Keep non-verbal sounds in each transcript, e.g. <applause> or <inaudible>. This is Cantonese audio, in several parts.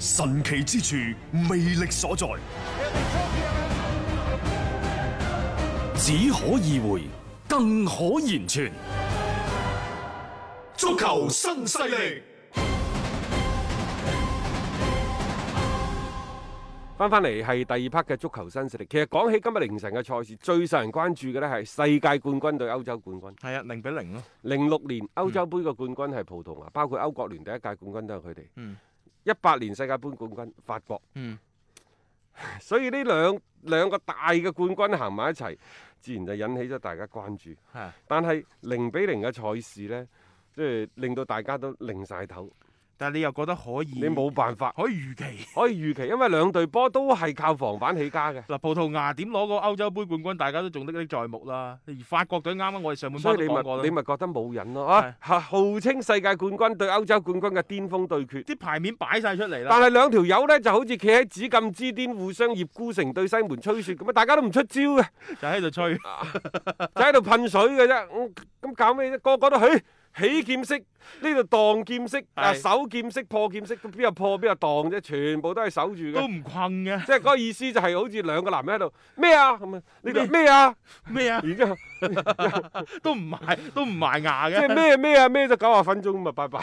神奇之處，魅力所在，只可意會，更可言傳。足球新勢力。翻翻嚟係第二 part 嘅足球新勢力。其實講起今日凌晨嘅賽事，最受人關注嘅咧係世界冠軍對歐洲冠軍，係啊，零比零咯。零六年歐洲杯嘅冠軍係葡萄牙，包括歐國聯第一屆冠軍都係佢哋。嗯。一八年世界盃冠軍法國，嗯、 <laughs> 所以呢兩兩個大嘅冠軍行埋一齊，自然就引起咗大家關注。的但係零比零嘅賽事呢，即、就、係、是、令到大家都擰晒頭。但係你又覺得可以，你冇辦法，可以預期， <laughs> 可以預期，因為兩隊波都係靠防反起家嘅。嗱，葡萄牙點攞個歐洲盃冠軍，大家都仲歷歷在目啦。而法國隊啱啱我哋上半場都講過啦。所以你咪你覺得冇癮咯，吓、是、啊、號稱世界冠軍對歐洲冠軍嘅巔峰對決，啲牌面擺晒出嚟啦。但係兩條友呢，就好似企喺紫禁之巔，互相葉孤城對西門吹雪咁啊！大家都唔出招嘅， <laughs> 就喺度吹， <laughs> 就喺度噴水嘅啫。咁、嗯、搞咩啫？個個，個都噓。欸起劍式，呢度盪劍式是啊，守劍式、破劍式，邊有破，邊有盪啫，全部都係守住嘅。都唔困嘅。即係嗰個意思就係好似兩個男人喺度咩啊？你哋咩啊咩啊？啊啊，然之後、啊、 <laughs> 都唔埋都唔埋牙嘅。即係咩咩啊？咩就九啊分鐘咁啊！拜拜。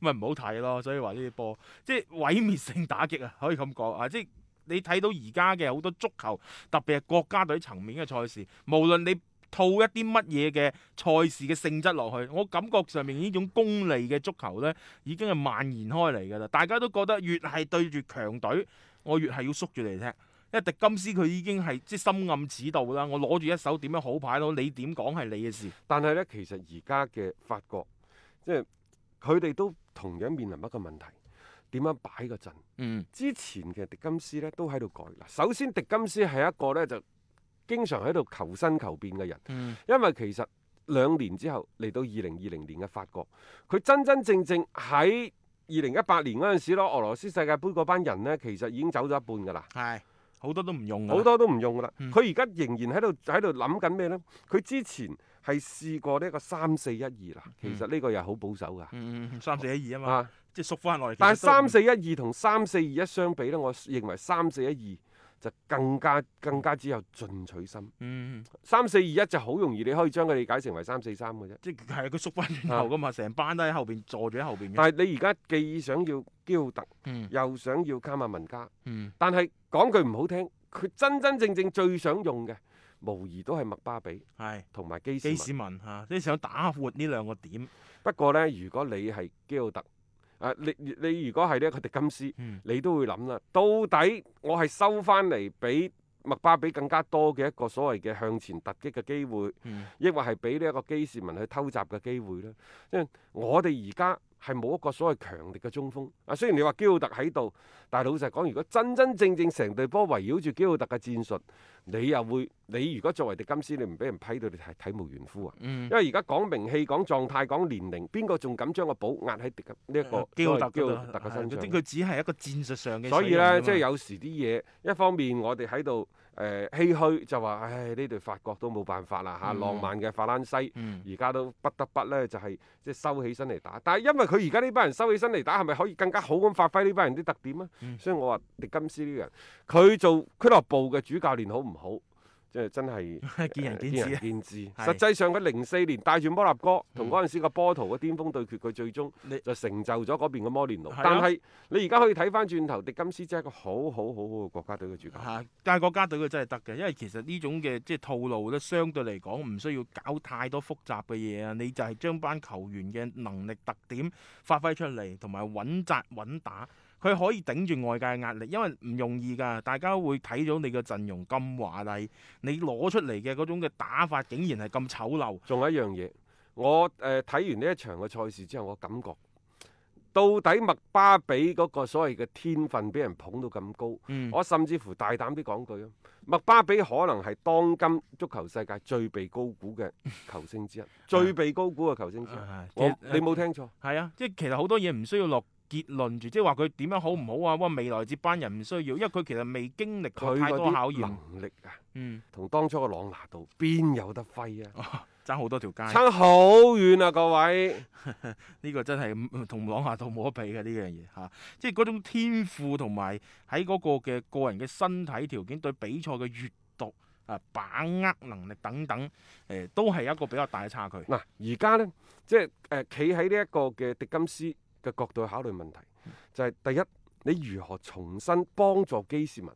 咪 <laughs> 唔 <laughs> 好睇咯，所以話呢啲波即係毀滅性打擊啊，可以咁講啊！即係你睇到而家嘅好多足球，特別係國家隊層面嘅賽事，無論你。套一啲乜嘢嘅賽事嘅性質落去，我感覺上面呢種功利嘅足球呢，已經係蔓延開嚟㗎啦。大家都覺得越係對住強隊，我越係要縮住嚟踢。因為迪金斯佢已經係即係深諳此道啦，我攞住一手點樣好牌咯，你點講係你嘅事。但係呢，其實而家嘅法國，即係佢哋都同樣面臨一個問題，點樣擺個陣？嗯，之前嘅迪金斯呢都喺度改啦。首先，迪金斯係一個呢就。經常喺度求新求變嘅人，嗯、因為其實兩年之後嚟到二零二零年嘅法國，佢真真正正喺二零一八年嗰陣時咯，俄羅斯世界杯嗰班人呢，其實已經走咗一半噶啦，係好多都唔用，好多都唔用噶啦。佢而家仍然喺度喺度諗緊咩呢？佢之前係試過呢個三四一二啦，其實呢個又好保守噶。嗯，三四一二啊嘛，啊即熟翻落嚟，但係三四一二同三四二一相比呢，我認為三四一二。就更加更加之有進取心。嗯，三四二一就好容易，你可以將佢理解成為三四三嘅啫。即係佢縮翻轉頭噶嘛，成是班都喺後邊坐住喺後邊。但係你而家既想要基奧特，嗯、又想要卡馬文加。嗯、但係講句唔好聽，佢真真正正最想用嘅，無疑都係麥巴比。係是。同埋基斯。基斯文嚇，即係、啊就是、想打活呢兩個點。不過呢，如果你係基奧特。誒、啊，你你如果係呢一個迪金斯，嗯、你都會諗啦。到底我係收翻嚟俾麥巴比更加多嘅一個所謂嘅向前突擊嘅機會，抑、嗯、或係俾呢一個基斯文去偷襲嘅機會咧？即、嗯、係我哋而家，係冇一個所謂強力嘅中鋒啊！雖然你話基奧特喺度，但係老實講，如果真真正正成隊波圍繞住基奧特嘅戰術，你又會，你如果作為迪金斯，你唔俾人批到，你係體無完膚啊！嗯、因為而家講名氣、講狀態、講年齡，邊個仲敢將個寶壓喺迪呢一個基奧特基奧特嘅身上？即佢只係一個戰術上嘅所以咧，即係有時啲嘢，一方面我哋喺度。誒唏噓就話，唉！呢隊法國都冇辦法啦嚇，啊嗯哦、浪漫嘅法蘭西，而家、嗯、都不得不呢就係即係收起身嚟打。但係因為佢而家呢班人收起身嚟打，係咪可以更加好咁發揮呢班人啲特點啊？嗯、所以我話迪金斯呢個人，佢做俱樂部嘅主教練好唔好？即係真係見仁見智，見人見智。是實際上佢零四年帶住摩納哥同嗰陣時嘅波圖嘅、嗯、巔峰對決，佢最終就成就咗嗰邊嘅摩連奴。的但係你而家可以睇翻轉頭，迪金斯真係一個好好好好嘅國家隊嘅主角。但係國家隊佢真係得嘅，因為其實呢種嘅即係套路咧，相對嚟講唔需要搞太多複雜嘅嘢啊！你就係將班球員嘅能力特點發揮出嚟，同埋穩紮穩打。佢可以頂住外界嘅壓力，因為唔容易㗎。大家會睇到你嘅陣容咁華麗，你攞出嚟嘅嗰種嘅打法竟然係咁醜陋。仲有一樣嘢，我誒、呃、睇完呢一場嘅賽事之後，我感覺到底麥巴比嗰個所謂嘅天分俾人捧到咁高，嗯、我甚至乎大膽啲講句啊，麥巴比可能係當今足球世界最被高估嘅球星之一， <laughs> 最被高估嘅球星之一。我你冇聽錯，係啊、嗯，即係其實好多嘢唔需要落。結論住，即係話佢點樣好唔好啊？哇！未來接班人唔需要，因為佢其實未經歷過太多考驗。能力啊，嗯，同當初嘅朗拿度，邊有得揮啊？爭好、哦、多條街，差好遠啊！各位，呢 <laughs> 個真係同朗拿度冇得比嘅呢樣嘢嚇，即係嗰種天賦同埋喺嗰個嘅個人嘅身體條件、對比賽嘅閲讀啊、把握能力等等，誒、呃，都係一個比較大嘅差距。嗱、啊，而家咧，即係誒，企喺呢一個嘅迪金斯。嘅角度去考慮問題，就係、是、第一，你如何重新幫助基士文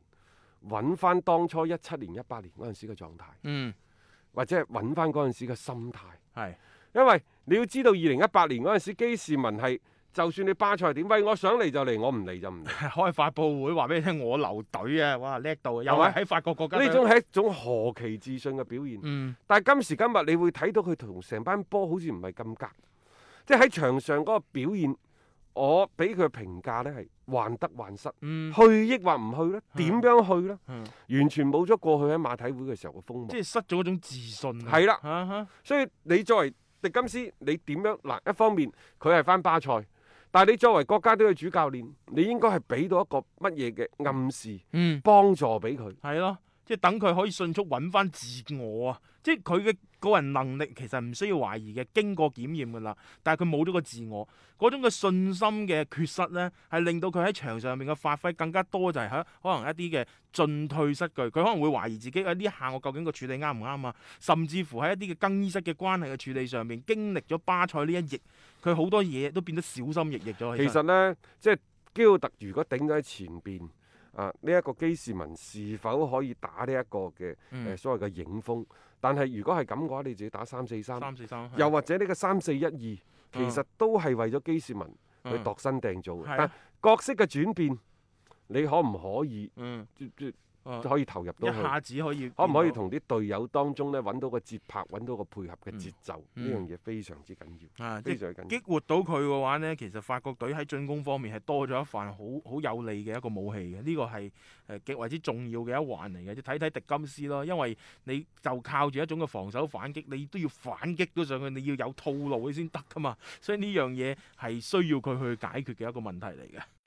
揾翻當初一七年、一八年嗰陣時嘅狀態，嗯，或者係揾翻嗰陣時嘅心態，係是。因為你要知道，二零一八年嗰陣時基士文係，就算你巴塞點威，我想嚟就嚟，我唔嚟就唔嚟。開發佈會話俾你聽，我留隊啊！哇，叻到，又喺法國國家呢吧種係一種何其自信嘅表現。嗯、但係今時今日，你會睇到佢同成班波好似唔係咁夾，即係喺場上嗰個表現。我俾佢評價呢係患得患失，嗯、去抑或唔去呢？點的樣去呢？的完全冇咗過去喺馬體會嘅時候嘅風味，即係失咗一種自信。係啦的，啊、所以你作為迪金斯，你點樣？嗱，一方面佢係返巴塞，但係你作為國家隊嘅主教練，你應該係俾到一個乜嘢嘅暗示、嗯、幫助俾佢。係咯。即係等佢可以迅速揾翻自我啊！即係佢嘅個人能力其實唔需要懷疑嘅，經過檢驗㗎啦。但係佢冇咗個自我，嗰種嘅信心嘅缺失咧，係令到佢喺場上面嘅發揮更加多就係喺可能一啲嘅進退失據。佢可能會懷疑自己、啊、呢一下我究竟個處理啱唔啱啊！甚至乎喺一啲嘅更衣室嘅關係嘅處理上面，經歷咗巴塞呢一役，佢好多嘢都變得小心翼翼咗。其實咧，即係基奧特如果頂咗喺前邊。啊！呢、這、一個基士文是否可以打呢一個嘅誒、嗯呃、所謂嘅影鋒？但係如果係咁嘅話，你就要打三四三，三四三，又或者呢個三四一二，其實都係為咗基士文去度身訂做。嗯、但角色嘅轉變，你可唔可以？嗯可以投入到，一下子可以，可唔可以同啲隊友當中咧揾到個節拍，揾到個配合嘅節奏，呢樣嘢非常之緊要，嗯、非常緊。啊就係、激活到佢嘅話咧，其實法國隊喺進攻方面係多咗一份好好有利嘅一個武器嘅，呢、呢個係誒、呃、極為之重要嘅一環嚟嘅。即睇睇迪金斯咯，因為你就靠住一種嘅防守反擊，你都要反擊到上去，你要有套路你先得噶嘛。所以呢樣嘢係需要佢去解決嘅一個問題嚟嘅。